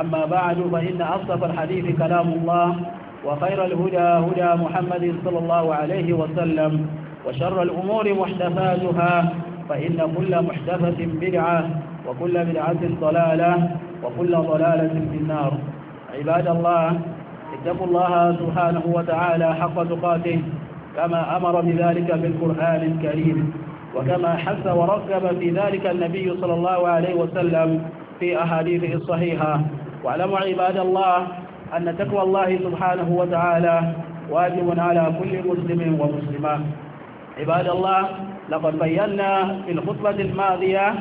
أما بعد فإن أصدق الحديث كلام الله وخير الهدى هدى محمد صلى الله عليه وسلم وشر الأمور محدثاتها فإن كل محدثة بدعة وكل بدعة ضلالة وكل ضلالة في النار عباد الله اتقوا الله سبحانه وتعالى حق تقاته كما أمر بذلك في القرآن الكريم وكما حث ورغب في ذلك النبي صلى الله عليه وسلم في أحاديثه الصحيحة واعلموا عباد الله أن تقوى الله سبحانه وتعالى واجب على كل مسلم ومسلمة عباد الله لقد بينا في الخطبة الماضية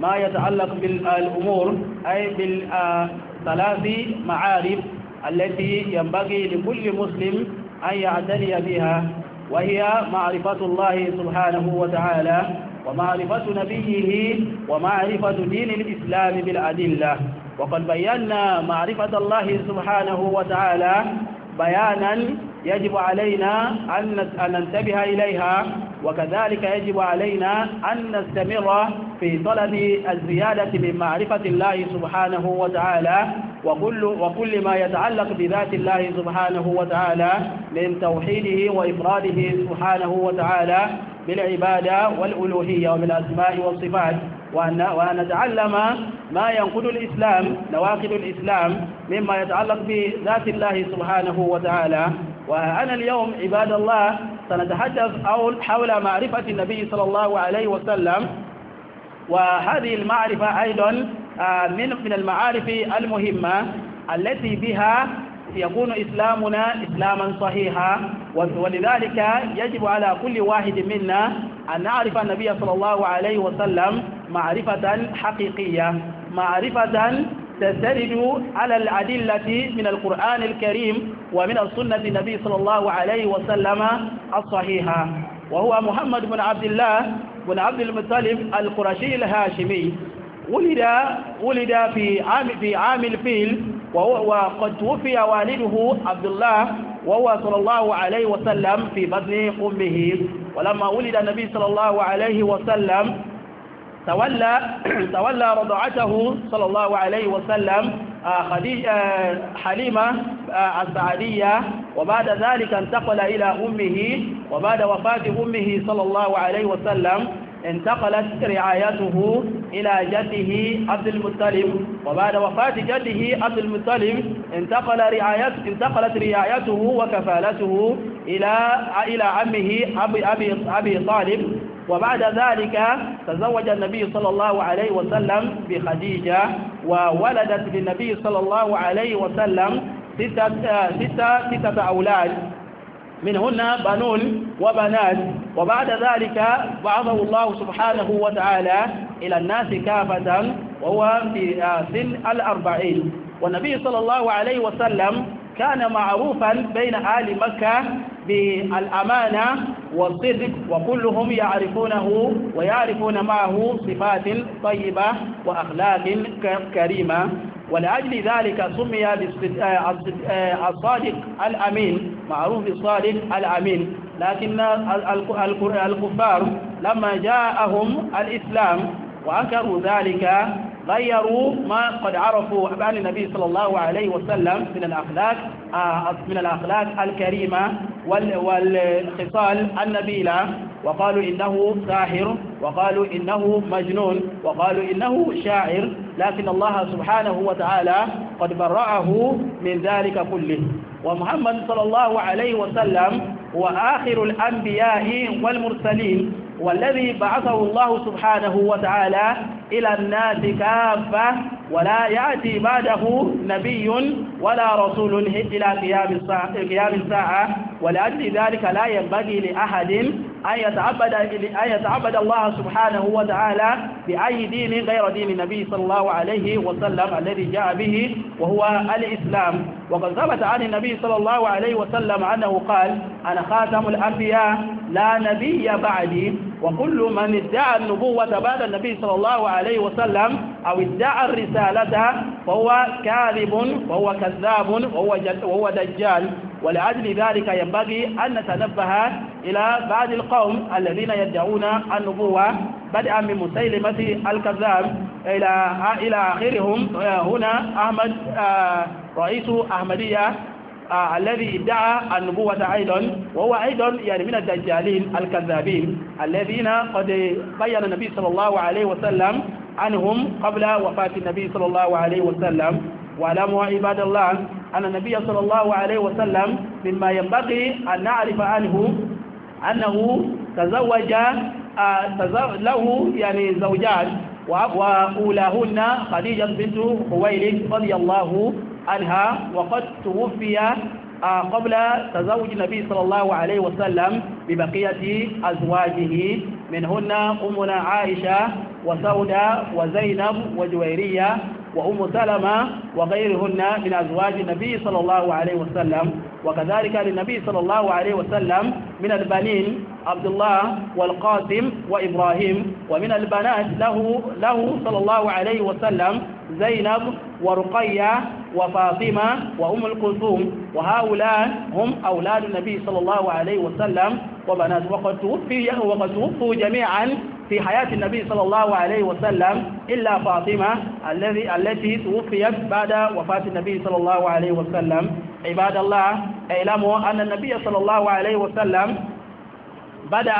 ما يتعلق بالأمور أي بالثلاث معارف التي ينبغي لكل مسلم أن يعتني بها وهي معرفة الله سبحانه وتعالى ومعرفة نبيه ومعرفة دين الإسلام بالأدلة وقد بينا معرفة الله سبحانه وتعالى بيانا يجب علينا أن ننتبه إليها وكذلك يجب علينا أن نستمر في طلب الزيادة من معرفة الله سبحانه وتعالى وكل, وكل ما يتعلق بذات الله سبحانه وتعالى من توحيده وإفراده سبحانه وتعالى بالعبادة والألوهية وبالأسماء والصفات وأن, وأن نتعلم ما ينقل الإسلام نواقض الإسلام مما يتعلق بذات الله سبحانه وتعالى وأنا اليوم عباد الله سنتحدث حول معرفة النبي صلى الله عليه وسلم وهذه المعرفة أيضا آه، من من المعارف المهمة التي بها يكون إسلامنا إسلاما صحيحا ولذلك يجب على كل واحد منا أن نعرف النبي صلى الله عليه وسلم معرفة حقيقية معرفة تسرد على الأدلة من القرآن الكريم ومن السنة النبي صلى الله عليه وسلم الصحيحة وهو محمد بن عبد الله بن عبد المطلب القرشي الهاشمي ولد ولد في عام في عام الفيل وقد توفي والده عبد الله وهو صلى الله عليه وسلم في بطن أمه ولما ولد النبي صلى الله عليه وسلم تولى تولى رضعته صلى الله عليه وسلم آه، آه، حليمة آه، السعدية وبعد ذلك انتقل إلى أمه وبعد وفاة أمه صلى الله عليه وسلم انتقلت رعايته إلى جده عبد المطلب وبعد وفاة جده عبد المطلب انتقل رعايت انتقلت رعايته وكفالته إلى إلى عمه أبي أبي أبي طالب وبعد ذلك تزوج النبي صلى الله عليه وسلم بخديجة وولدت للنبي صلى الله عليه وسلم ستة ستة ستة أولاد منهن بنون وبنات وبعد ذلك بعثه الله سبحانه وتعالى إلى الناس كافة وهو في سن آه، الأربعين والنبي صلى الله عليه وسلم كان معروفا بين أهل مكة بالأمانة والصدق وكلهم يعرفونه ويعرفون معه صفات طيبة وأخلاق كريمة ولأجل ذلك سمي آه، الصادق الأمين معروف الصادق الأمين لكن الكفار لما جاءهم الإسلام وأنكروا ذلك غيروا ما قد عرفوا عن النبي صلى الله عليه وسلم من الأخلاق آه، من الأخلاق الكريمة والخصال النبيلة وقالوا إنه ساحر وقالوا إنه مجنون وقالوا إنه شاعر لكن الله سبحانه وتعالى قد برأه من ذلك كله ومحمد صلى الله عليه وسلم هو آخر الأنبياء والمرسلين والذي بعثه الله سبحانه وتعالى إلى الناس كافة ولا يأتي بعده نبي ولا رسول إلى قيام الساعة, قيام الساعة ولأجل ذلك لا ينبغي لأحد أن يتعبد, أن يتعبد الله سبحانه وتعالى بأي دين غير دين النبي صلى الله عليه وسلم الذي جاء به وهو الإسلام وقد ثبت عن النبي صلى الله عليه وسلم أنه قال أنا خاتم الأنبياء لا نبي بعدي وكل من ادعى النبوة بعد النبي صلى الله عليه وسلم أو ادعى الرسالة فهو كاذب وهو كذاب وهو, وهو دجال ولعدل ذلك ينبغي أن نتنبه إلى بعض القوم الذين يدعون النبوة بدءا من مسيلمة الكذاب إلى إلى آخرهم هنا أحمد آه، رئيس أحمدية آه، الذي ادعى النبوة أيضا وهو أيضا يعني من الدجالين الكذابين الذين قد بين النبي صلى الله عليه وسلم عنهم قبل وفاة النبي صلى الله عليه وسلم وعلموا عباد الله أن النبي صلى الله عليه وسلم مما ينبغي أن نعرف عنه أنه تزوج آه، له يعني زوجات وأولاهن خديجة بنت خويلد رضي الله عنها وقد توفي آه، قبل تزوج النبي صلى الله عليه وسلم ببقية أزواجه منهن أمنا عائشة وسودة وزينب وجويرية وأم سلمة وغيرهن من أزواج النبي صلى الله عليه وسلم وكذلك للنبي صلى الله عليه وسلم من البنين عبد الله والقاسم وإبراهيم ومن البنات له, له صلى الله عليه وسلم زينب ورقية وفاطمة وأم الكلثوم وهؤلاء هم أولاد النبي صلى الله عليه وسلم وبنات وقد توفي وقد توفوا جميعا في حياة النبي صلى الله عليه وسلم إلا فاطمة الذي التي توفيت بعد وفاة النبي صلى الله عليه وسلم عباد الله اعلموا أن النبي صلى الله عليه وسلم بدأ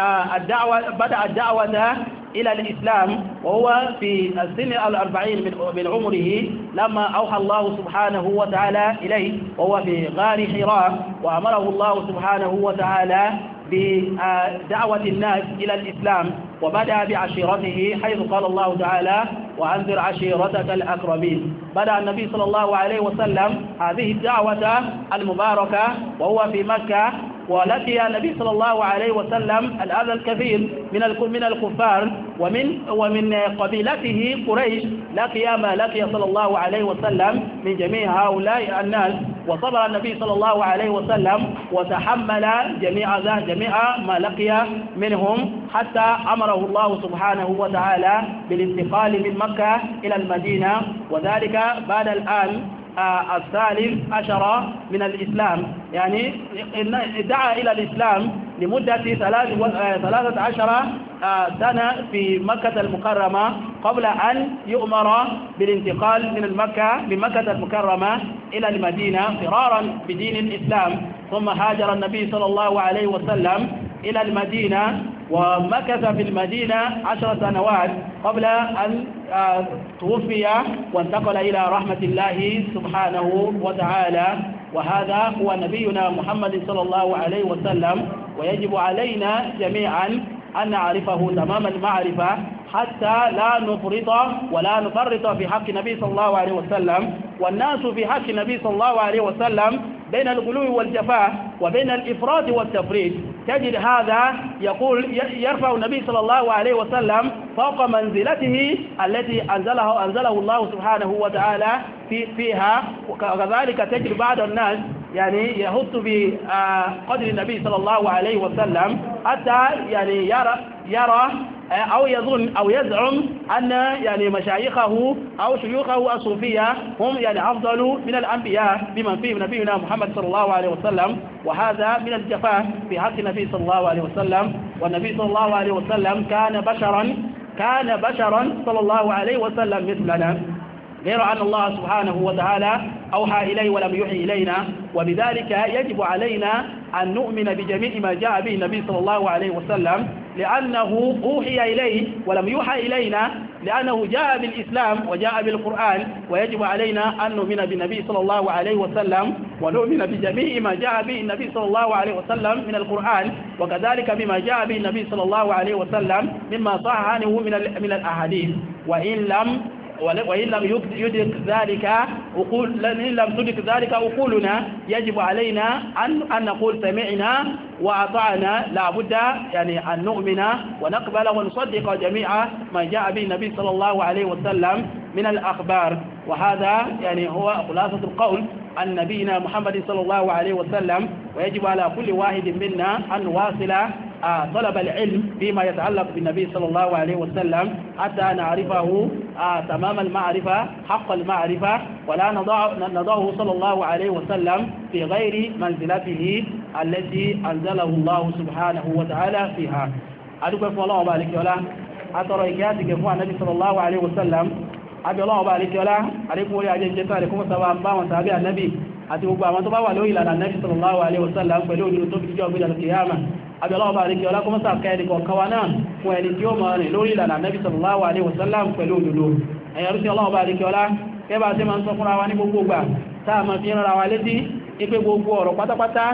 آه، الدعوة, بدأ الدعوة إلى الإسلام وهو في السن الأربعين من عمره لما أوحى الله سبحانه وتعالى إليه وهو في غار حراء وأمره الله سبحانه وتعالى بدعوة الناس إلى الإسلام وبدأ بعشيرته حيث قال الله تعالى وأنذر عشيرتك الأقربين بدأ النبي صلى الله عليه وسلم هذه الدعوة المباركة وهو في مكة ولقي النبي صلى الله عليه وسلم الأذى الكثير من من الكفار ومن ومن قبيلته قريش لقي ما لقي صلى الله عليه وسلم من جميع هؤلاء الناس وصبر النبي صلى الله عليه وسلم وتحمل جميع جميع ما لقي منهم حتى أمره الله سبحانه وتعالى بالانتقال من مكة إلى المدينة وذلك بعد الآن آه، الثالث عشر من الإسلام يعني دعا إلى الإسلام لمدة ثلاثة عشر آه، سنة في مكة المكرمة قبل أن يؤمر بالانتقال من المكة من مكة المكرمة إلى المدينة فرارا بدين الإسلام ثم هاجر النبي صلى الله عليه وسلم إلى المدينة ومكث في المدينة عشر سنوات قبل أن آه، توفي وانتقل إلى رحمة الله سبحانه وتعالى وهذا هو نبينا محمد صلى الله عليه وسلم ويجب علينا جميعا أن نعرفه تمام المعرفة حتى لا نفرط ولا نفرط في حق النبي صلى الله عليه وسلم والناس في حق النبي صلى الله عليه وسلم بين الغلو والجفاء وبين الإفراط والتفريط تجد هذا يقول يرفع النبي صلى الله عليه وسلم فوق منزلته التي أنزله, أنزله الله سبحانه وتعالى في فيها وكذلك تجد بعض الناس يعني يهت بقدر آه، النبي صلى الله عليه وسلم حتى يعني يرى, يرى أه، أو يظن أو يزعم أن يعني مشايخه أو شيوخه الصوفية هم يعني أفضل من الأنبياء بمن فيهم نبينا محمد صلى الله عليه وسلم وهذا من الجفاء في حق النبي صلى الله عليه وسلم والنبي صلى الله عليه وسلم كان بشرا كان بشرا صلى الله عليه وسلم مثلنا غير أن الله سبحانه وتعالى أوحى إليه ولم يحي إلينا وبذلك يجب علينا أن نؤمن بجميع ما جاء به النبي صلى الله عليه وسلم لأنه أوحي إليه ولم يوحى إلينا لأنه جاء بالإسلام وجاء بالقرآن ويجب علينا أن نؤمن بالنبي صلى الله عليه وسلم ونؤمن بجميع ما جاء به النبي صلى الله عليه وسلم من القرآن وكذلك بما جاء به النبي صلى الله عليه وسلم مما صح عنه من من الأحاديث وإن لم وإن لم يدرك ذلك أقول إن لم تدرك ذلك أقولنا يجب علينا أن أن نقول سمعنا وأطعنا لابد يعني أن نؤمن ونقبل ونصدق جميع ما جاء به النبي صلى الله عليه وسلم من الأخبار وهذا يعني هو خلاصة القول عن نبينا محمد صلى الله عليه وسلم ويجب على كل واحد منا أن نواصل آه، طلب العلم فيما يتعلق بالنبي صلى الله عليه وسلم حتى نعرفه آه، تمام المعرفة حق المعرفة ولا نضعه صلى الله عليه وسلم في غير منزلته التي أنزله الله سبحانه وتعالى فيها أدوك أفو الله وبالك يولا أترى إكياتك أفو النبي صلى الله عليه وسلم أبي الله وبالك يولا عليكم ولي عجل لكم سواء بام سابع النبي àti gbogbo àwọn tó bá wà lórí ìlànà nẹ́bí sallallahu alaihi wasallam pẹ̀lú òdúró tó fi jọ abẹ́lọ́ọ̀bá àríkẹ́ ọlákọ́mọ́sà kẹ́ẹ̀dẹ̀kọ̀ kawanáà fún ẹni tí ó mọ̀ rìn lórí ìlànà Nabi sallallahu alaihi wasallam pẹ̀lú òdòdó ẹ̀yẹ̀rú sí ọlọ́ọ̀bá àríkẹ́ ọlá kẹba tí ma ń sọ fúnra wa ní gbogbo gbà táà ma fi ń rọra wa létí ipé gbogbo ọ̀rọ̀ pátápátá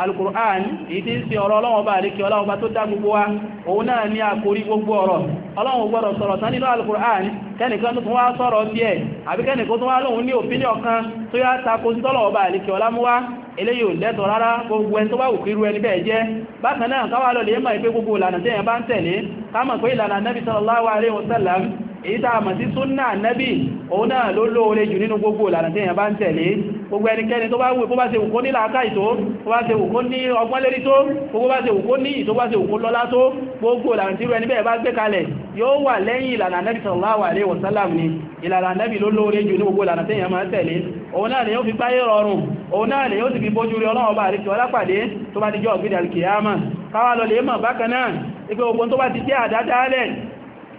alukur'an èyí tí ń ṣe ọ̀rọ̀ ọlọ́wọ́ bá àríkẹ́ ọlọ́wọ́ bá tó dá gbogbo wa òun náà ní àkórí gbogbo ọ̀rọ̀ ọlọ́wọ́ gbọ́dọ̀ sọ̀rọ̀ tán nínú alukur'an kẹ́nìkan tó tún wá sọ̀rọ̀ bí ẹ̀ àbí kẹ́nìkan tó wá lóun ní òpínlẹ̀ ọ̀kan tó yá takosítọ́lọ̀wọ́ bá àríkẹ́ ọlá mú wá eléyìí ò lẹ́tọ̀ rárá gbogbo ẹni tó bá wùkírú ẹni bẹ́ẹ̀ jẹ́ bákan náà káwà lọ lè mọ̀ ìpé gbogbo ìlànà tí èyàn bá ń tẹ̀lé ká mọ̀ pé ìlànà nẹ́bí sallallahu alaihi wasallam èyí tá a mọ̀ sí súnnà nẹ́bì òun náà ló lóore jù nínú gbogbo ìlànà tí èyàn bá ń tẹ̀lé gbogbo ẹnikẹ́ni tó bá wù kó bá ṣe wù kó ní làákà ìtó kó bá ṣe wù kó ní ọgbọ́n lérí tó gbogbo bá ṣe wù kó ní ìtó bá ṣe wù lọ́lá tó gbogbo ìlànà tí ẹni bá gbé kalẹ̀ yóò wà lẹ́yìn ìlànà nẹ́bì sallallahu alaihi wasallam ni ìlànà nẹ́bì ló lóore jù ní gbogbo ìlànà tí èyàn máa ń tẹ̀lé òun náà lè yóò fi báyé rọrùn òun náà lè yóò sì fi bójú rí ọlọ́wọ́ bá àríkì ọlápàdé tó bá ti jọ ọ̀gbìdì àríkì yáàmà káwà lọ lè mọ̀ bákan náà ipé ogun tó bá ti jẹ́ àdádálẹ̀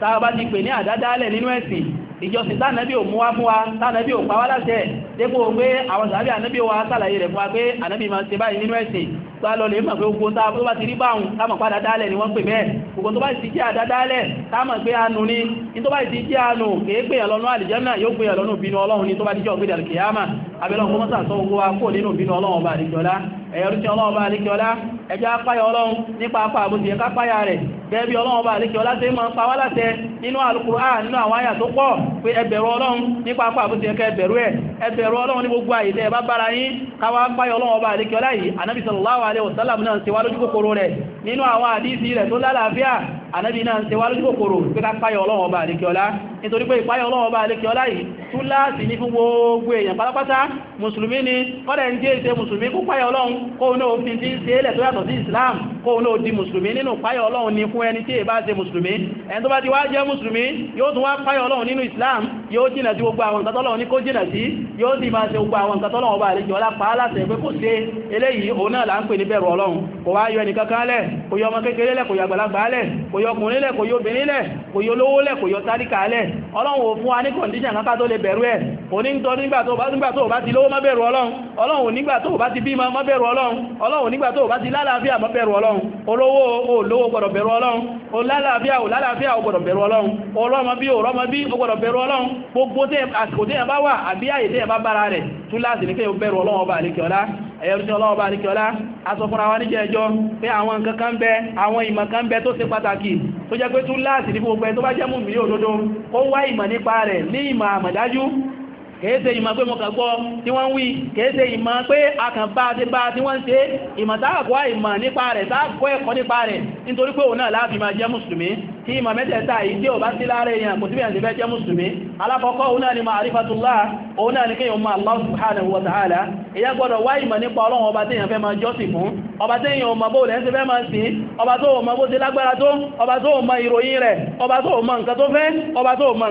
tá bá ti pè ní àdádálẹ̀ nínú ẹ̀sìn ìjọsìn tánàbí ò mú wá fún wa tánàbí ò pa wá láṣẹ dépò pé àwọn sàábí ànábí wa sàlàyé rẹ̀ fún wa pé ànábí ma ṣe báyìí nínú ẹ̀sìn tó a lọ lè mọ̀ pé ogun tó bá ti rí báhùn táàmà padà dálẹ̀ ni wọ́n pè bẹ́ẹ̀ ogun tó bá ti jẹ́ àdádálẹ̀ táàmà pé anù ni in tó bá ti jẹ́ anù kèé pè ọlọ́nà yóò pè ọlọ́nà bínú ọlọ́run ni tó bá díjọ́ gbédà kìyàmà abẹ́lọ́ kó mọ́sà sọ ogun wa kó nínú bínú ọlọ́run ọba àlìkíọlá ẹ̀yọ́rúsí ọlọ́run ọba àlìkíọlá ẹjọ́ apáyà ọlọ́run nípa apá àbúsí ẹ̀ká rẹ̀ gẹ́bí ọlọ́run bá àríkẹ́ ọlá tí ma ń pa wá látẹ nínú Al-Qur'an nínú àwọn àyà tó pọ̀ pé ẹbẹ̀rù ọlọ́run nípa apá àbútí ẹkẹ ẹbẹ̀rù ẹ̀ ẹbẹ̀rù ọlọ́run ní gbogbo àyílẹ̀ bá bára yín káwà páyọ ọlọ́run bá àríkẹ́ ọlá yìí Ànábì sallallahu alaihi wasallam náà ti wá lójú kòkòrò ànábì náà ń ṣe wá lójú kòkòrò pé ká páyọ̀ ọlọ́run ọba àlékiọlá nítorí pé ìpáyọ̀ ọlọ́run ọba àlékiọlá yìí túláàsì ní fún gbogbo èèyàn pátápátá mùsùlùmí ni kọ́dẹ̀ ń jẹ́ ìṣe mùsùlùmí kó páyọ̀ ọlọ́run kóun náà fi ti sí islam kóun náà di mùsùlùmí nínú ni fún ẹni tí èbá ṣe mùsùlùmí ẹni tó bá ti wá jẹ́ mùsùlùmí islam yóò jìnà sí gbogbo àwọn ìkàtọ́lọ́run ní kó jìnà sí yóò sì máa ṣe gbogbo àwọn ìkàtọ́lọ́run ọba àlejò ọlá pa á láti ẹgbẹ́ kò ṣe eléyìí òun náà yọ ọkùnrin lẹ̀ kò yọ obìnrin lẹ̀ kò yọ olówó lẹ̀ kò yọ tálíkà lẹ̀ ọlọ́run ò fún wa ní kọ̀ndíṣàn kankan tó lè bẹ̀rù ẹ̀ kò ní tọ́ nígbà bá ti lówó má bẹ̀rù ọlọ́run ọlọ́run ò nígbà bá ti bímọ má bẹ̀rù ọlọ́run ọlọ́run ò nígbà bá ti lálàáfíà má bẹ̀rù ọlọ́run olówó ò lówó gbọ́dọ̀ bẹ̀rù ọlọ́run o lálàáfíà ò lálàáfíà ò gbọ́dọ̀ bẹ̀rù ọlọ́run ọlọ́mọ bí ọlọ́mọ bí ó gbọ́dọ̀ bẹ̀rù ọlọ́run gbogbo ẹ̀yẹ̀rúṣẹ́ ọlọ́ọ̀bá àríkẹ́ọlá aṣọ fúnra wa níjẹ́ ẹjọ́ pé àwọn nǹkan kan bẹ àwọn ìmọ̀ kan bẹ tó ṣe pàtàkì tó jẹ́ pé tún láti ní gbogbo ẹ tó bá jẹ́ mú mi òdodo ó wá ìmọ̀ nípa rẹ̀ ní ìmọ̀ àmọ̀dájú kèése ìmọ̀ pé mo kàn gbọ́ tí wọ́n ń wí kèése ìmọ̀ pé a bá ti bá tí wọ́n ń ṣe ìmọ̀ ìmọ̀ nípa rẹ̀ tí ìmọ̀ mẹ́tẹ̀ẹ̀ta yìí tí ò bá sí láàrẹ èèyàn kò síbẹ̀ àtìbẹ́ jẹ́ mùsùlùmí alákọ̀ọ́kọ́ òun náà ni ma'rifatullah òun náà ni kí yíò máa Allah subhanahu wa ta'ala ìyá gbọ́dọ̀ wá ìmọ̀ nípa ọlọ́run ọba tí èèyàn fẹ́ máa jọ́sìn fún ọba tí èèyàn ọmọ bóòlẹ̀ ń ṣe fẹ́ máa sìn ọba tó mọ bó ṣe lágbára tó ọba tó mọ ìròyìn rẹ̀ ọba tó mọ nǹkan tó fẹ́ ọba tó mọ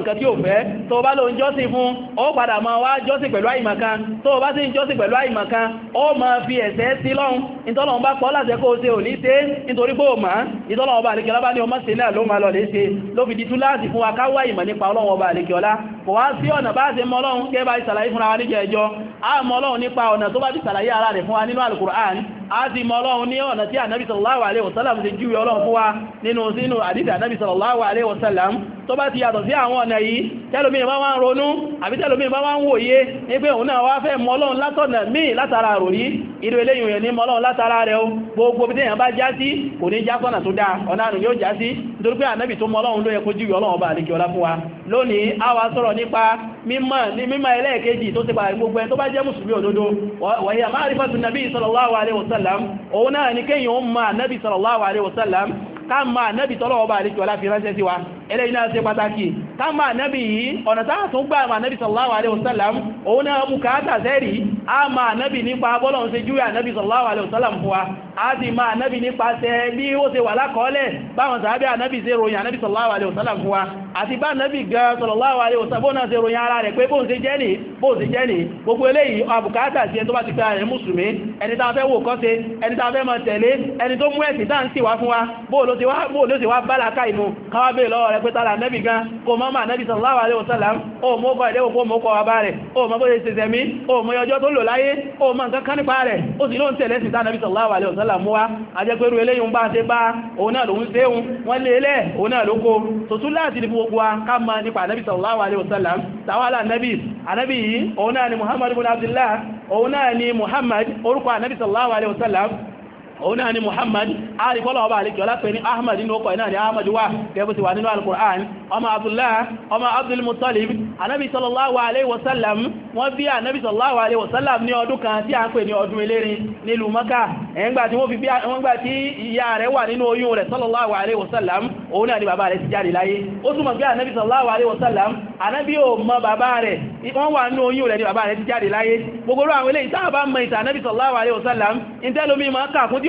nǹkan lọ lè ṣe ló fi di túláàsì fún wa ká wá ìmọ̀ nípa ọlọ́run ọba àlekíọlá kò wá sí ọ̀nà bá ṣe mọ ọlọ́run kẹ́ bá ṣàlàyé fúnra wa níjẹ́ ẹjọ́ a mọ ọlọ́run nípa ọ̀nà tó bá ti ṣàlàyé ara rẹ̀ fún wa nínú al a ti mọ ọlọ́run ní ọ̀nà tí ànábì sallallahu alaihi wasallam ti júwe ọlọ́run fún wa nínú sínú àdídà ànábì sallallahu alaihi wasallam tó bá ti yàtọ̀ sí àwọn ọ̀nà yìí tẹ́lómi bá wá ń ronú àbí tẹ́lómi bá wá ń wòye ní pé òun náà wá fẹ́ mọ ọlọ́run látọ̀nà míì látara ròrí irú eléyìn èèyàn ní mọ ọlọ́run látara rẹ̀ o gbogbo bí tẹ́yàn bá já sí kò ní já sọ́nà tó dáa ọ̀nà àrùn yóò já sí nítorí pé ànábì tó mọ ọlọ́run ló yẹ kó júwe ọlọ́run ọba àlejò ọlá fún wa a wá sọ̀rọ̀ nípa mímọ̀ ní mímọ̀ ẹlẹ́ẹ̀kejì tó ti pàrí gbogbo ẹ tó bá jẹ́ mùsùlùmí òdodo wàyí àmáàrífàtù nàbí sallallahu alaihi wasallam òun náà ní kéyìn ó ma nàbí sallallahu alaihi wasallam ká ma nàbí tọ́lọ́wọ́ bá fi ránṣẹ́ sí eléyìí náà ṣe pàtàkì ká ma nábi yìí ọ̀nà táà tún gbà ma nábi sallallahu alaihi wasallam òun náà mú káàtà sẹ́rì a ma nábi nípa bọ́lọ̀ ṣe júwẹ́ ànábi sallallahu alaihi wasallam fún wa a ti ma nábi nípa ṣe bí ó ṣe wà lákọọ́lẹ̀ báwọn sàábí ànábi ṣe ròyìn ànábi sallallahu alaihi wasallam fún wa àti bá nábi gan sallallahu alaihi wasallam bóun ṣe ròyìn ara rẹ̀ pé bóun ṣe jẹ́ nì bóun ṣe jẹ́ pé tààrà nẹ́bì gan kò mọ́ mà nẹ́bì sallallahu alaihi wasallam o mọ́ kọ ẹ̀dẹ́wò kó mọ́ kọ wa rẹ̀ o mọ́ bóyẹ ṣe tẹ̀mí o mọ́ ọjọ́ tó lò láyé o mọ́ nǹkan kan nípa rẹ̀ ó sì lóun sallallahu alaihi wasallam mú wa a jẹ́ pẹ́rú eléyìí ń bá ṣe bá òun náà lòun ṣe wọ́n lé e lẹ́ òun náà ló kó tòtún láti ní gbogbo wa sallallahu alaihi wasallam tàwálà nẹ́bì ànábì yìí òun náà ni muhammad ibn abdullah òun náà ni muhammad orúkọ ànábì sallallahu alaihi wasallam òun náà ni muhammad àríkọ́lọ̀ ọba àríkẹ́ ọlápẹ́ ní ahmad nínú ọkọ̀ náà ni ahmad wà gẹ́bù ti wà nínú al-Qur'an ọmọ abdullah ọmọ abdul muttalib anábi sallallahu alaihi wasallam wọ́n bí anábi sallallahu alaihi wasallam ní ọdún kan tí a ń pè ní ọdún elérin nílùú maka ẹ̀ngbà tí wọ́n gbà tí ìyá rẹ̀ wà nínú oyún rẹ̀ sallallahu alaihi wasallam òun náà ni bàbá rẹ̀ ti jáde láyé ó túnmọ̀ pé anábi sallallahu alaihi wasallam anábi ò mọ bàbá rẹ̀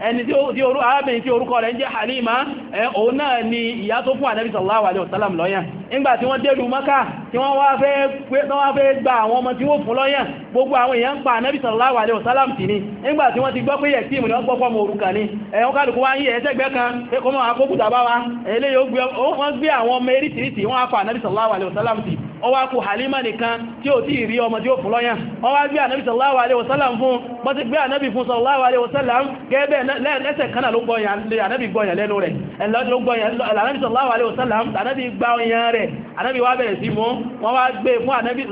ẹni tí orú arábìnrin tí orúkọ rẹ̀ ń jẹ́ Halima òun náà ni ìyá tó fún ànábì sallallahu alaihi wasallam lọ́yàn nígbà tí wọ́n délù Mákà tí wọ́n wá fẹ́ gba àwọn ọmọ tí wọ́n fún lọ́yàn gbogbo àwọn èèyàn ń pa ànábì sallallahu alaihi wasallam ti ni ni wa ó wá kù Halima nìkan tí ò tí rí ọmọ tí ó fún lọ́yàn ó wá gbé ànábì sallallahu alaihi wasallam fún bọ́ ti gbé ànábì fún sallallahu alaihi wasallam gẹ́gẹ́ lẹ́sẹ̀ kan gbọ́yàn lẹ́nu rẹ̀ ẹ̀lọ́dún sallallahu alaihi wasallam ànábì gba ọyàn rẹ̀ ànábì wá bẹ̀rẹ̀ sí mú wọ́n wá gbé fún ànábì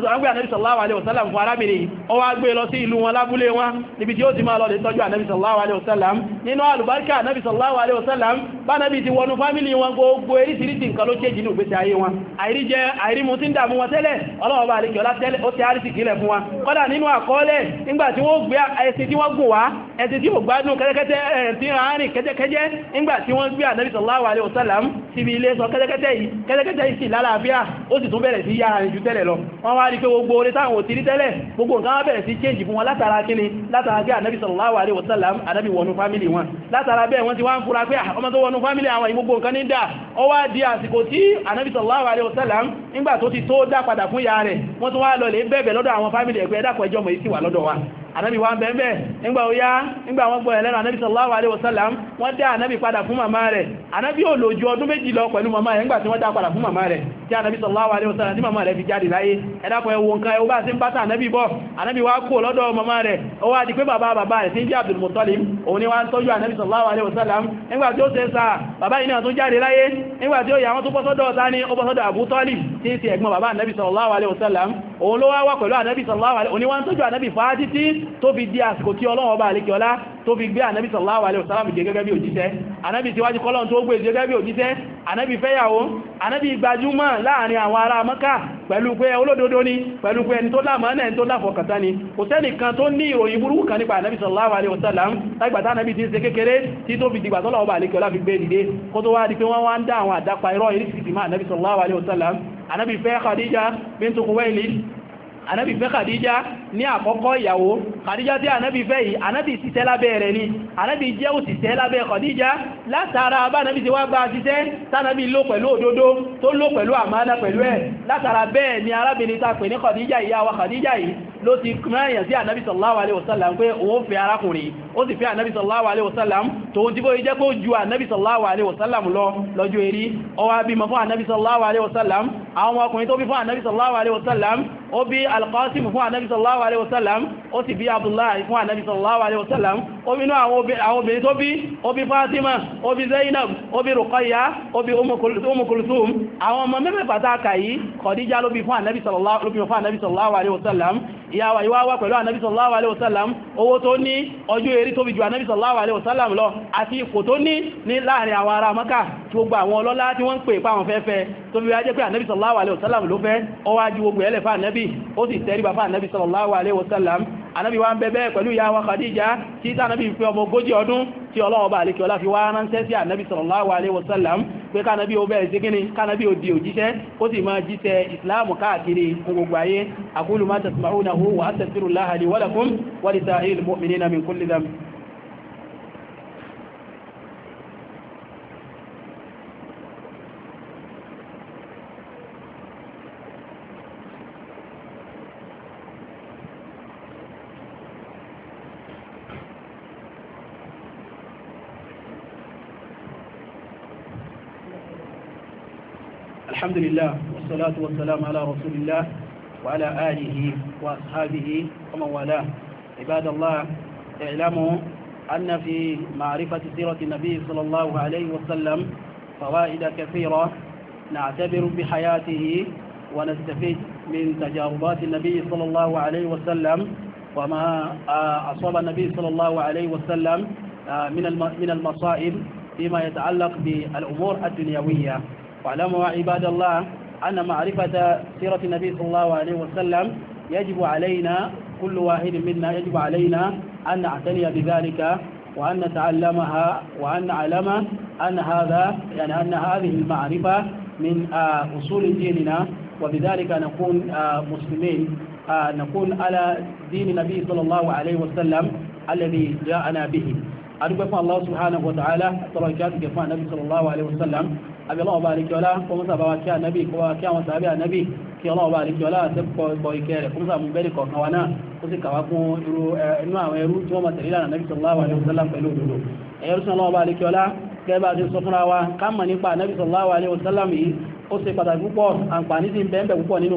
sallallahu alaihi wasallam fún arábìnrin ó wá gbé lọ sí ìlú wọn lábúlé wọn níbi tí ó ti máa lọ lè tọ́jú ànábì sallallahu alaihi wasallam nínú àlùbáríkà ànábì sallallahu alaihi wasallam bánábì ti wọnú fámílì wọn gbogbo eríṣiríṣi nǹkan ló ṣe jìnú ìgbésí ayé wọn àìrí jẹ àìrí mu tí ń dààmú wọn tẹ́lẹ̀ ọlọ́ọ̀bá àlekè ọlá tẹ́lẹ̀ ó ti àrísì kílẹ̀ fún wa kọ́dà nínú àkọọ́lẹ̀ nígbà tí wọ́n gbé ẹsẹ̀ tí wọ́n gùn wá ẹsẹ̀ tí ò gbádùn kẹ́tẹ́kẹ́tẹ́ sallallahu alaihi wasallam síbi ilé sọ kẹ́lẹ́kẹ́tẹ́ yìí kẹ́lẹ́kẹ́tẹ́ yìí sì lálàáfíà ó sì tún bẹ̀rẹ̀ sí yára rìn ju tẹ́lẹ̀ lọ wọ́n wá rí pé gbogbo orí táwọn ò ti rí tẹ́lẹ̀ gbogbo nǹkan wá bẹ̀rẹ̀ sí change fún wọn látara kíni látara bí ànábì sallallahu alaihi wasallam ànábì wọnú fámìlì wọn látara bẹ́ẹ̀ wọ́n ti wá ń fura pé ah, ọmọ tó wọnú fámìlì àwọn ìgbogbo nǹkan ní dà ó wá di àsìkò tí ànábì sallallahu alaihi wasallam nígbà tó ti tó dá padà fún ìyá rẹ̀ wọ́n tún wá lọ lè bẹ̀bẹ̀ lọ́dọ̀ àwọn fámìlì ẹ̀gbẹ́ ẹ̀dàpọ̀ ẹjọ́ mọ̀ yìí sì wà lọ́dọ̀ wa ànábì wá ń bẹ́ẹ̀ bẹ́ẹ̀ nígbà ó yá nígbà wọ́n gbọ́ ẹ̀lẹ́nu ànábì sallallahu alaihi wasallam wọ́n dá ànábì padà fún màmá rẹ̀ ànábì ò lò ju ọdún méjì lọ pẹ̀lú màmá rẹ̀ nígbà tí wọ́n dá padà fún màmá rẹ̀ tí ànábì sallallahu alaihi wasallam tí màmá rẹ̀ fi jáde láyé ẹ̀dàpọ̀ ẹwọ nǹkan ẹwọ bá ti ń bátà ànábì bọ̀ ànábì wá kó lọ́dọ̀ màmá rẹ̀ ó wá di pé bàbá alaihi wasallam nígbà tí ó ṣe sá bàbá yìí náà tó jáde láyé nígbà tí ó yà wọ́n tó bọ́sọ́dọ̀ ta ni ó bọ́sọ́dọ̀ alaihi wasallam òun ló wá wà alaihi wasallam òun ni wá ń tọ́jú ànábì tó fi di àsìkò tí ọlọ́wọ́ bá àlékẹ́ ọlá tó fi gbé ànábì sallallahu alaihi wasallam gẹ́gẹ́ bí òjíṣẹ́ ànábì síwájú kọ́lọ́n tó gbé gẹ́gẹ́ bí òjíṣẹ́ ànábì fẹ́yàwó ànábì gbajúmọ̀ láàrin àwọn ará Mọ́kà pẹ̀lú pé olódodo ni pẹ̀lú pé ẹni tó lámọ́ ẹni tó láfọkàtà ni kò sẹ́nìkan tó ní ìròyìn burúkú kan nípa ànábì sallallahu alaihi wasallam lágbàtà ànábì ti ń ṣe kékeré tí tó fi dìgbà tọ́lọ̀ ọba àlékẹ́ ọlá fi gbé dìde kó tó wá di pé wọ́n wá ń anábì fẹ́ Khadija ní àkọ́kọ́ ìyàwó Khadija tí anábì fẹ́ yìí anábì ṣiṣẹ́ lábẹ́ rẹ̀ ni anábì jẹ́ òṣìṣẹ́ lábẹ́ Khadija látara bá anábì ti wá bá ṣiṣẹ́ tánábì lò pẹ̀lú òdodo tó lò pẹ̀lú àmánà pẹ̀lú ẹ̀ látara bẹ́ẹ̀ ni arábìnrin ta pè ní Khadija ìyá wa Khadija yìí ló ti mẹ́rin sí ànábì sallallahu alaihi wasallam pé òun fẹ́ arákùnrin ó sì fẹ́ ànábì sallallahu alaihi wasallam tòun tí bó jẹ́ kó ju ànábì alaihi wasallam lọ lọ́jọ́ eré ó wá bímọ fún ànábì alaihi wasallam àwọn ọkùnrin tó bí fún ànábì sallallahu alaihi wasallam ó bí alqasim fún ànábì sallallahu alaihi wasallam ó sì bí abdullahi fún ànábì sallallahu alaihi wasallam ó bí náà àwọn obìnrin tó bí ó bí fatima ó bí zainab ó bí ruqayya ó bí umu kulthum àwọn ọmọ mẹ́fẹ́ pàtàkà yìí khadija ló bí fún ànábì sallallahu alaihi wasallam ìyàwó ìwáwà pẹ̀lú ànábì sallallahu alaihi wasallam owó tó ní ọjọ́ eré tó bí ju ànábì sallallahu alaihi wasallam lọ àti ipò tó ní ní láàrin àwọn ará maka tí gbogbo àwọn ọlọ́lá tí wọ́n ń ànábì ó sì tẹrí bàbá ànábì sallallahu alaihi wasallam ànábì wa ń bẹ bẹ́ẹ̀ pẹ̀lú ìyá wa Khadija tí ànábì fi ọmọ ogójì ọdún tí ọlọ́wọ́ bá àlékẹ́ ọlá fi wá ránṣẹ́ sí ànábì sallallahu alaihi wasallam pé kánábí ó bẹ̀rẹ̀ sí gíní kánábí ó di òjíṣẹ́ ó sì máa jíṣẹ́ ìsìláàmù káàkiri gbogbo ayé aqulu ma الحمد لله والصلاة والسلام على رسول الله وعلى آله وأصحابه ومن والاه عباد الله اعلموا أن في معرفة سيرة النبي صلى الله عليه وسلم فوائد كثيرة نعتبر بحياته ونستفيد من تجاربات النبي صلى الله عليه وسلم وما آه، أصاب النبي صلى الله عليه وسلم آه، من المصائب فيما يتعلق بالأمور الدنيوية واعلموا عباد الله أن معرفة سيرة النبي صلى الله عليه وسلم يجب علينا كل واحد منا يجب علينا أن نعتني بذلك وأن نتعلمها وأن نعلم أن هذا يعني أن هذه المعرفة من آه، أصول ديننا وبذلك نكون آه، مسلمين آه، نكون على دين النبي صلى الله عليه وسلم الذي جاءنا به أدعو الله سبحانه وتعالى تركات كفاء النبي صلى الله عليه وسلم àbí ọlọ́wọ́ bá àríkẹ́ ọlá kó mọ́sà bá wa kí ànábì kó wa kí àwọn sàábì ànábì kí ọlọ́wọ́ bá àríkẹ́ ọlá àti pọ̀ ìkẹ́ rẹ̀ kó mọ́sà mú bẹ́ẹ̀ kọ̀ọ̀kan wa náà kó sì kàwá fún irú inú àwọn ẹrú tí wọ́n mọ̀ tẹ̀lé lánàá wa ká mọ̀ nípa nàbí sallallahu alaihi wasallam yìí ó ṣe pàtàkì púpọ̀ àǹfààní sí bẹ́ẹ̀ púpọ̀ nínú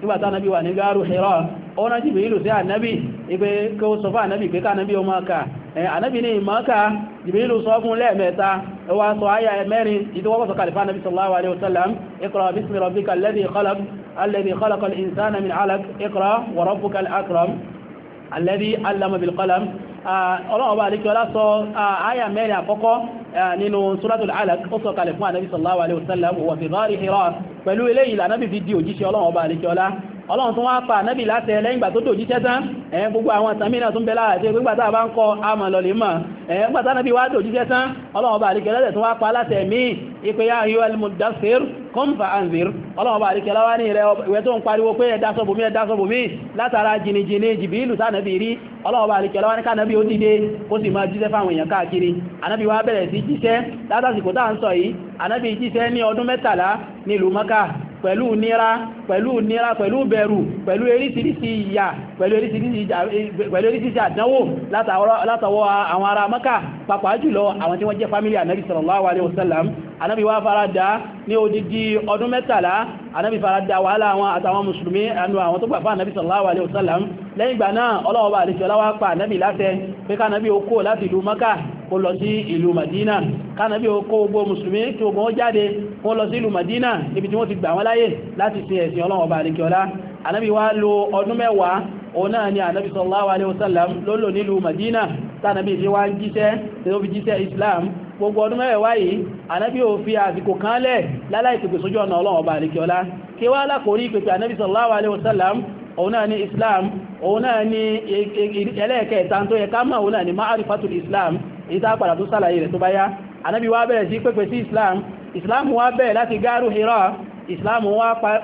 nígbàtá anábí wà ní gáàrù Hira ọ̀nà Jibrilu sí anábí ipé kí ó sọ fún anábí pé ká anábí ọmọ ọkà anábí ní ìmọ́ka Jibrilu sọ fún lẹ́ẹ̀mẹ́ta wa sọ ayà mẹ́rin ìdíwọ́pọ̀ sọ kàlífà anábí sallallahu alaihi wasallam iqra bismi rabbika alladhi khalaq alladhi khalaqa al-insana min alaq iqra wa rabbuka al-akram alladhi allama bil qalam ọlọ́ọ̀bá alikọ́lá sọ ayà mẹ́rin àkọ́kọ́ nínú suratul alaq ó sọ kàlífà anábí sallallahu alaihi wasallam pẹ̀lú eléyìí lànàbì fi di òjíṣẹ́ ọlọ́run ọba àlekíọlá ọlọ́run tó wá pa ànábì láti ẹlẹ́yìn ìgbà tó tó jíṣẹ́ tán ẹ̀yìn gbogbo àwọn ìtàmínà tó ń bẹ lára àti ìgbà tá a bá ń kọ àmọ̀ lọ́lẹ̀ mọ̀ ẹ̀yìn gbà tánábì wá tó jíṣẹ́ tán ọlọ́run ọba àlekíọlá tó wá pa láti ẹ̀mí ìpéyà yóò ẹlmùdáfẹ́rù qum fa anzir ọlọ́wọ́ bá àríkẹ́ lọ́wọ́ ní rẹ̀ ìwẹ́ tó ń pariwo pé ẹ̀dá sọ́bùmí ẹ̀dá sọ́bùmí látara jìnnìjìnnì jìbìlù sánàbì rí ọlọ́wọ́ bá àríkẹ́ lọ́wọ́ ní kánàbì ó dìde kó sì máa jíṣẹ́ fáwọn èèyàn káàkiri ànábì wá bẹ̀rẹ̀ sí jíṣẹ́ látàsìkò tá à ń sọ yìí ànábì jíṣẹ́ ní ọdún mẹ́tàlá nílùú Mákà pẹ̀lú nira pẹ̀lú nira pẹ̀lú bẹ̀rù pẹ̀lú eríṣiríṣi ìyà pẹ̀lú eríṣiríṣi àdánwò látàwọ́ àwọn ará Mákà pàpàá jùlọ àwọn tí wọ́n jẹ́ fámílì fara dá ní odidi bí ọdún mẹ́tàlá anábì faradà wàhálà àwọn àtàwọn mùsùlùmí ẹnu àwọn tó gbà fún anábì sallallahu alaihi wasallam lẹ́yìn ìgbà náà ọlọ́ọ̀bà àlejò ọlọ́wà pa anábì láṣẹ pé kánábì ó kó láti ìlú Mákà kó lọ sí ìlú Madina kánábì ó kó gbogbo mùsùlùmí tí ogun ó jáde kó lọ sí ìlú Madina níbi tí wọ́n ti gbà wọ́n láyè láti ṣe ẹ̀sìn ọlọ́ọ̀bà àlejò ọlá anábì wá lo ọdún mẹ́wàá òun náà ni ànábì sallallahu alaihi wasallam ló lò nílùú Madina tánàbì tí wá ń jíṣẹ́ tí ó fi jíṣẹ́ Islam gbogbo ọdún mẹ́wàá yìí ànábí ò fi àsìkò kan lẹ̀ láláì pèpè sójú ọ̀nà ọlọ́run ọba àríkẹ́ọlá kí wá lákòórí pèpè ànábí sallallahu alaihi islam òun náà ni ẹlẹ́ẹ̀kẹta tó yẹ ká islam èyí tá padà tó sàlàyé rẹ̀ tó bá yá islam islam wá bẹ̀rẹ̀ láti hira ìsìláàmù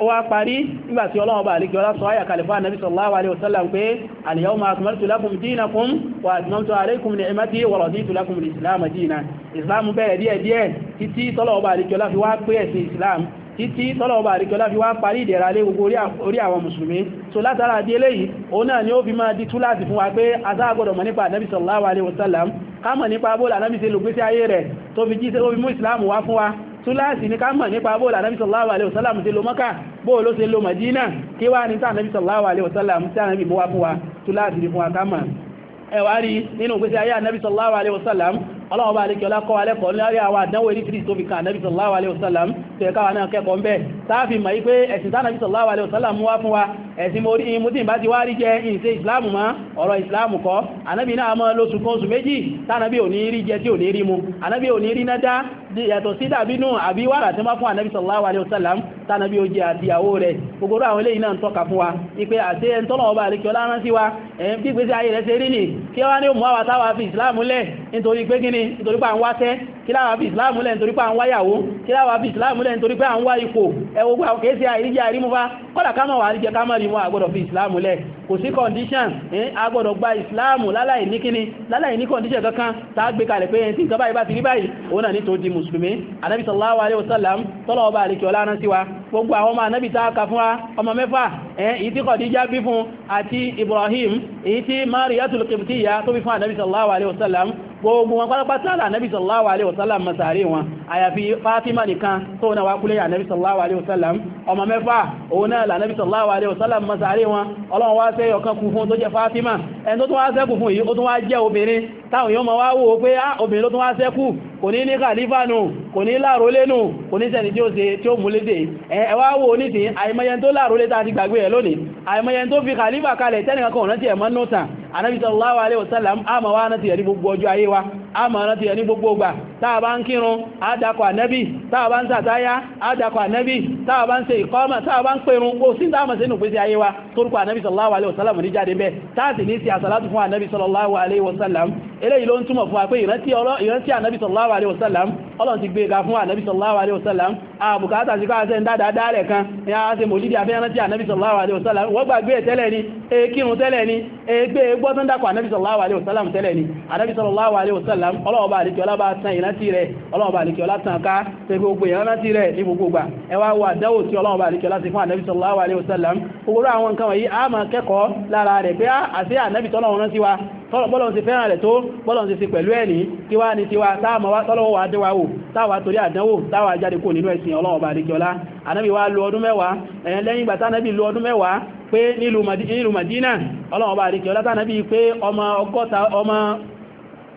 wá parí nígbàtí ọlọ́wọ́ bá àlíkẹ́ ọlá sọ ayà kàlífà nàbí sallallahu alaihi wasallam pé al-yawma akmaltu lakum dinakum wa atmamtu alaykum ni'mati wa raditu lakum islam dinan ìsìláàmù bẹ̀rẹ̀ díẹ̀díẹ̀ títí tọ́lọ́wọ́ bá àlíkẹ́ ọlá fi wá pé ẹ̀sìn ìsìláàmù títí tọ́lọ̀ọba àríkọlá fi wá parí ìdẹ̀ra lé gbogbo orí àwọn mùsùlùmí so látara di eléyìí òun náà ni ó alaihi wasallam ká mọ̀ nípa bóòlà ànábì ṣe lògbésí ayé rẹ̀ tó fi túláàsì ní ká mọ̀ nípa bóòlù ànábì sallallahu alaihi wasallam ti lo mọ́ká bóòlù ó ṣe lo Madina kí wá ní tànábì sallallahu alaihi wasallam tí ànábì mú wá fún wa túláàsì ní fún wa ká mọ̀ rí nínú ìgbésí ayé ọlọ́wọ́ bá alékẹ́ ọlákọ́ alẹ́kọ̀ọ́ lórí àwọn àdánwò eréfìdì tó fi kà náà sallallahu alaihi wasallam tó ẹ̀ká wà náà kẹ́kọ̀ọ́ ń bẹ̀ sáàfin mọ̀ wípé ẹ̀sìn tánà sallallahu alaihi wasallam wá fún wa ẹ̀sìn morí imúdín bá ti wá rí jẹ ìṣe ìsìláàmù mọ́ ọ̀rọ̀ ìsìláàmù kọ́ anábì náà mọ́ lóṣù kan oṣù méjì tánàbí ò ní rí jẹ tí ò ní rí mu anábì ò ní rí náà dá yàtọ̀ sí dàbínú àbí wàrà tí wọ́n fún anábì sallallahu alaihi wasallam tánàbí ó jẹ àtìyàwó rẹ̀ gbogbo àwọn eléyìí náà ń tọ́ka fún wa ipe àti ẹni tọ́lọ̀ ọba àríkẹ́ ọlá rán sí wa ẹ̀ ń bí gbèsè ayé rẹ̀ ṣe rí nì kí wọ́n ní òmùwà wa táwa fi ìsìláàmù lẹ̀ nítorí pé kíni nítorí pé à ń wáṣẹ́ kí láwà bí islam lẹ́n torí pé à ń wáyàwó kí láwà bí islam lẹ́n torí pé à ń wá ipò ẹwọ́gbà kéèsì àìríjẹ́ àìrímúfá kọ́dà ká condition eh, agbọ́dọ̀ gba islam láláì ní kíni láláì ní condition kankan tá gbé kalẹ̀ pé ẹni tí nǹkan báyìí bá ti rí báyìí òun náà ní tó di mùsùlùmí anábì sallallahu alaihi wasallam tọ́lọ̀ ọba àlekì ọlá rán sí gbogbo àwọn ọmọ anábì tá a fún ọmọ mẹ́fà èyí tí Khadija bí fún àti Ibrahim èyí tí Mariyatul Qibtiyya tó bí fún anábì sallallahu alaihi wasallam gbogbo wọn pátápátá anábì sallallahu alaihi wasallam wasallam masari wọn àyàfi fatima nìkan tó na wákúlé ànábì sallallahu alaihi wasallam ọmọ mẹ́fà òun náà lànábì alaihi wasallam masari wọn ọlọ́run wá ṣe fatima ẹni tó tún wá ṣẹ́kù fún yìí ó tún wá jẹ́ obìnrin táwọn yóò mọ̀ wá wò pé á ah, obìnrin ló tún wá ṣẹ́kù kò ní ní kàlífà nù kò ní láàrólé nù kò ní sẹ́ni tí ó ṣe tí ó Ànábì sallallahu alaihi wasallam a ma wá rántí rẹ̀ ní gbogbo ọjọ́ ayé wa a ma rántí rẹ̀ ní gbogbo ìgbà táà bá ń kírun a dákọ̀ Ànábì táà bá ń sàtáyá a dákọ̀ Ànábì táà bá ń ṣe ìkọ́mà táà bá ń pèrún kò sí táà mọ̀ sínú pèsè ayé wa torúkọ Ànábì sallallahu alaihi wasallam ní jáde bẹ́ẹ̀ táà sì ní sí àsàlátù fún Ànábì sallallahu alaihi wasallam àbùkátà sí káàṣẹ́ ìdádá dálẹ̀ kan ní a ṣe mòlídìí abẹ́rántí ànábì sallallahu alaihi wasallam wọ́n gbàgbé tẹ́lẹ̀ ni ekírun tẹ́lẹ̀ ni ẹgbẹ́ e gbọ́tún dákọ̀ ànábì sallallahu alaihi wasallam tẹ́lẹ̀ ni ànábì sallallahu alaihi wasallam ọlọ́ọ̀bá àdíkẹ́ọlá bá tán ìrántí rẹ̀ ọlọ́ọ̀bá àdíkẹ́ọlá tán ká tẹ́ gbogbo ìrántí rẹ̀ ní gbogbo gbà ẹwà wà dáwò tí ọlọ́ọ̀bá àdíkẹ́ọlá ti fún ànábì sallallahu alaihi wasallam gbogbo àwọn nǹkan wọ̀nyí a máa kẹ́kọ̀ọ́ lára rẹ̀ pé àti ànábì tọ́lọ́run rántí wa bọ́lọ̀n ti fẹ́ràn rẹ̀ tó bọ́lọ̀n ti sí pẹ̀lú ẹ̀ ní kí wá ní tiwa táàmà tọ́lọ́wọ́ wà dẹ́wà wò ẹ̀sìn ọlọ́run ọba àdíkíọlá anábì wá lo ọdún mẹ́wàá ẹ̀yẹn lẹ́yìn ìgbà tánábì lo ọdún mẹ́wàá pé nílùú Madina ọlọ́run ọba àdíkíọlá tánábì pé ọmọ ọgọ́ta ọmọ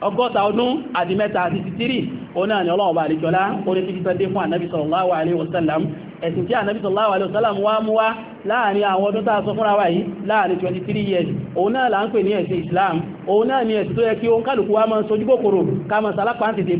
ọgọ́ta ọdún àti mẹ́ta àti títírì òun náà ni ọlọ́run ọba àdíkíọlá ó ní títí tẹ́ dé fún ànábì sallallahu alaihi wasallam ẹ̀sìn tí ànábì sallallahu alaihi wasallam wá mú wá láàrin àwọn ọdún tàà sọ fúnra wà láàrin 23 years òun náà là Islam òun ni ẹ̀sìn tó yẹ kí ó ń kálùkù wá máa sojú kòkòrò ká máa sálápá ń tètè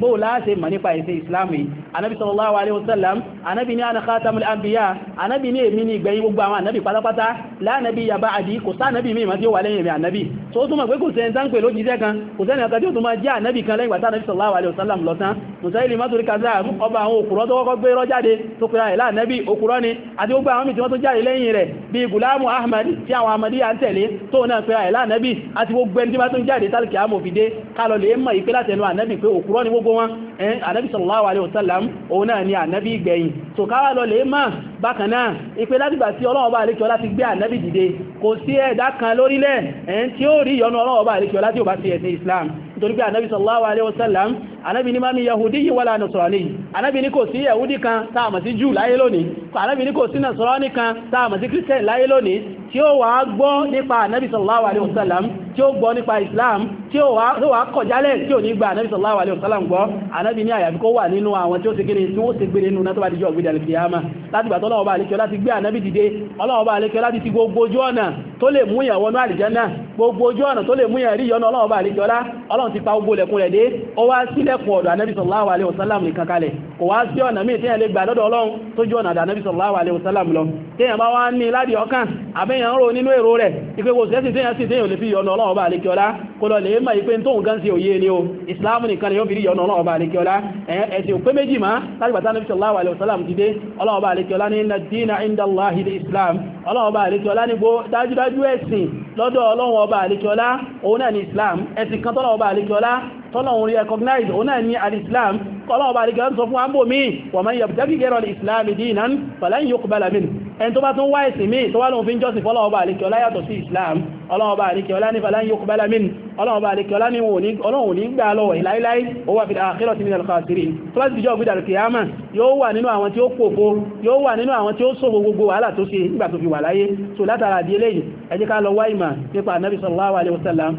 anabi sallallahu alaihi wasallam anabi ni ana khatamul anbiya anabi ni èmi ni gbeyin gbogbo àwọn anabi pátápátá la nabi ya ba'di kò sa nabi mi ma tí ó wà lẹ́yìn mi anabi so tún mọ̀ pé kò se ntan pe loji se kan kò se nkan tí ó tún ma jẹ́ anabi kan lẹ́yìn gbata anabi sallallahu alaihi wasallam lọ tán musaili maturi kaza ọba àwọn òkúrọ́ tó kọ́kọ́ gbé rọ́ jáde tó pe la nabi òkúrọ́ ni àti gbogbo àwọn mi tí wọ́n tó jáde lẹ́yìn rẹ̀ bí gulamu ahmad tí àwọn amadi an tẹ̀lé tó na pe la nabi àti gbogbo en tí ma tún jáde talki amofide ká lọ lè mọ̀ ipe láti ẹnu anabi pé òkúrọ́ ni gbogbo wọn eh anabi sallallahu alaihi wasallam òun náà ni ànábì ìgbẹ̀yìn so káwà lọ lè máa bákan náà ìpé látìgbà tí ọlọ́run bá lékẹ́ ọlá ti gbé ànábì dìde kò sí ẹ̀dá kan lórílẹ̀ ẹ̀yìn tí ó rí ìyọnu ọlọ́wọ́ bá àríkẹ́ ọlá tí ó bá sí ẹ̀sìn Islam nítorí pé ànábì sallallahu alaihi wasallam ànábì ní máa yahudi yìí wala nasrani ànábì yahudi kan táàmà sí jù láyé lónìí ànábì ní kan táàmà sí christian láyé lónìí tí ó wà gbọ́ sallallahu alaihi wasallam tí ó gbọ́ nípa Islam tí ó wà kọjálẹ̀ tí ò ní sallallahu alaihi wasallam gbọ́ ànábì ní àyàfi kó wà nínú àwọn tí ó ti kéré tí ó ti gbé nínú náà tó bá di jọ gbé dàlùkìyàmá láti gbà tọ́lọ́wọ́ bá àlékẹ́ láti gbé ànábì àlékẹ́ láti ti gbogbo ojú ọ̀nà Gracias. tó lè mú ìyàwó ní àlìjánà gbogbo ojú ọ̀nà tó lè mú ìyàrí ìyọnà ọlọ́run bá àríjọlá ọlọ́run ti pa gbogbo lẹ̀kùn rẹ̀ dé ó wá sílẹ̀kùn ọ̀dọ̀ Ànábì sallallahu alaihi wasallam nìkan kalẹ̀ kò wá sí ọ̀nà míì tí ẹ̀ lè gbà lọ́dọ̀ ọlọ́run tó jú ọ̀nà Ànábì sallallahu alaihi wasallam lọ tí ẹ̀ bá wá ní láti ọkàn àbẹ́yàn rò nínú èrò rẹ̀ ipe kò sẹ́sì tí ẹ̀ sì tẹ́yàn lè fi yọ̀nà ọlọ́run bá àríkẹ́ ọlá kò lọ lè mọ̀ ipe tó nǹkan sí òye ni o síwájú ẹ̀sìn lọ́dọ̀ ọlọ́run ọba àlekíọlá òun náà ni islam ẹ̀sìn kan tọ́lọ̀ ọba àlekíọlá tọ́lọ̀un recognize òun náà ní al-islam tọ́lọ̀un bá rígẹ́ sọ fún àmbò míì wa man yabtaghi ghayra al-islam dinan falan yuqbala minhu ẹni tó bá tún wá ẹ̀sìn míì tó wá lóun fi ń jọ́sìn fọ́lọ̀un bá rígẹ́ ọlá yàtọ̀ sí islam ọlọ́run bá rígẹ́ ọlá ní falan yuqbala minhu ọlọ́run bá rígẹ́ ọlá ní ọlọ́run ní gbà lọ́wọ́ ìláíláí ó wà fil akhirati minal khasirin tó láti jọ gbídà kìyàmà yóò wà nínú àwọn tí ó pòpó yóò wà nínú àwọn tí ó sọ gbogbo wàhálà tó ṣe nígbà tó fi wà láyé so látara àdíyelé yìí ẹ jẹ́ ká lọ wá ìmà nípa Ànábì sallallahu alaihi wasallam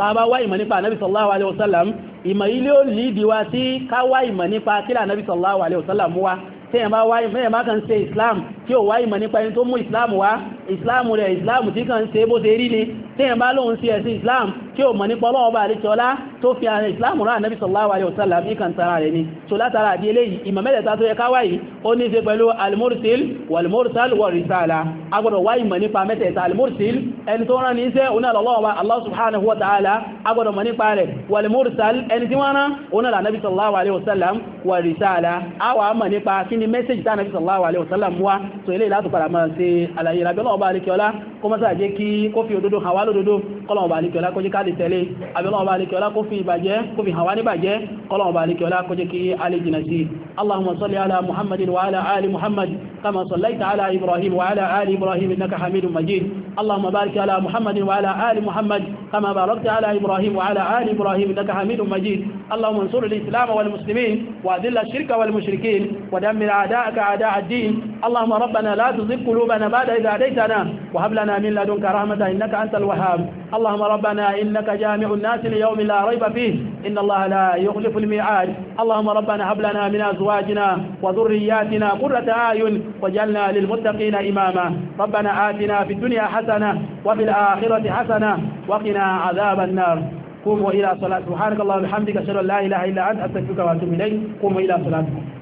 tàbá wá ìmọ̀ nípa ànábì sallallahu alaihi wasallam ìmọ̀ ilé ó lìdí wa sí ká wá ìmọ̀ nípa kílà ànábì sallallahu alaihi wasallam wá tẹ́yàn bá wáyé mẹ́yàn bá kàn ṣe islam tí ó wáyé mọ̀ nípa ẹni tó mú islam wá islam rẹ̀ islam tí kàn ṣe bó ṣe rí ni tẹ́yàn bá lóun sí ẹ̀sìn islam tí ó mọ̀ nípa ọlọ́ọ̀bá àríṣọ́lá tó fi islam rán ànábì sallallahu alaihi wasallam ní kan tara rẹ̀ ni so látara àdí eléyìí ìmọ̀ mẹ́tẹ̀ẹ̀ta tó yẹ ká wáyé ó ní ṣe pẹ̀lú almursil walmursal warisala a gbọ́dọ̀ wáyé allah subhanahu wa ta'ala a gbọ́dọ̀ mọ̀ nípa rẹ̀ walmursal ẹni tí wọ́n rán onílọ́lọ́wà ànábì sallallahu alaihi wasallam warisala a wà mọ̀ nípa ni mẹ́sẹ̀jì tí Ànábì sallallahu alaihi wasallam wá tó ilé ìlàtò padà máa ṣe àlàyé ìrabẹ́ ọlọ́ọ̀bá alékiọlá kó mọ́sá jẹ́ kí kó fi òdodo hàn wá lódodo kọlọ̀ọ̀bá alékiọlá kó jẹ́ ká lè tẹ̀lé abẹ́lọ́ọ̀bá alékiọlá kó fi ìbàjẹ́ kó fi hàn wá على محمد وعلى محمد كما صليت على إبراهيم وعلى إبراهيم إنك حميد مجيد اللهم بارك على محمد وعلى آل محمد كما باركت على إبراهيم وعلى آل إبراهيم إنك حميد مجيد اللهم انصر الإسلام والمسلمين وأذل الشرك والمشركين ودمر أعداءك أعداء الدين اللهم ربنا لا تزغ قلوبنا بعد إذا هديتنا وهب لنا من لدنك رحمة إنك أنت الوهاب اللهم ربنا إنك جامع الناس ليوم لا ريب فيه إن الله لا يخلف الميعاد اللهم ربنا هب لنا من أزواجنا وذرياتنا قرة أعين وجعلنا للمتقين إماما ربنا آتنا في الدنيا حسنة حسنة وفي الآخرة حسنة وقنا عذاب النار قوموا إلى صلاة سبحانك الله وبحمدك أشهد أن لا إله إلا أنت أستغفرك وأتوب إليك قوموا إلى صلاتكم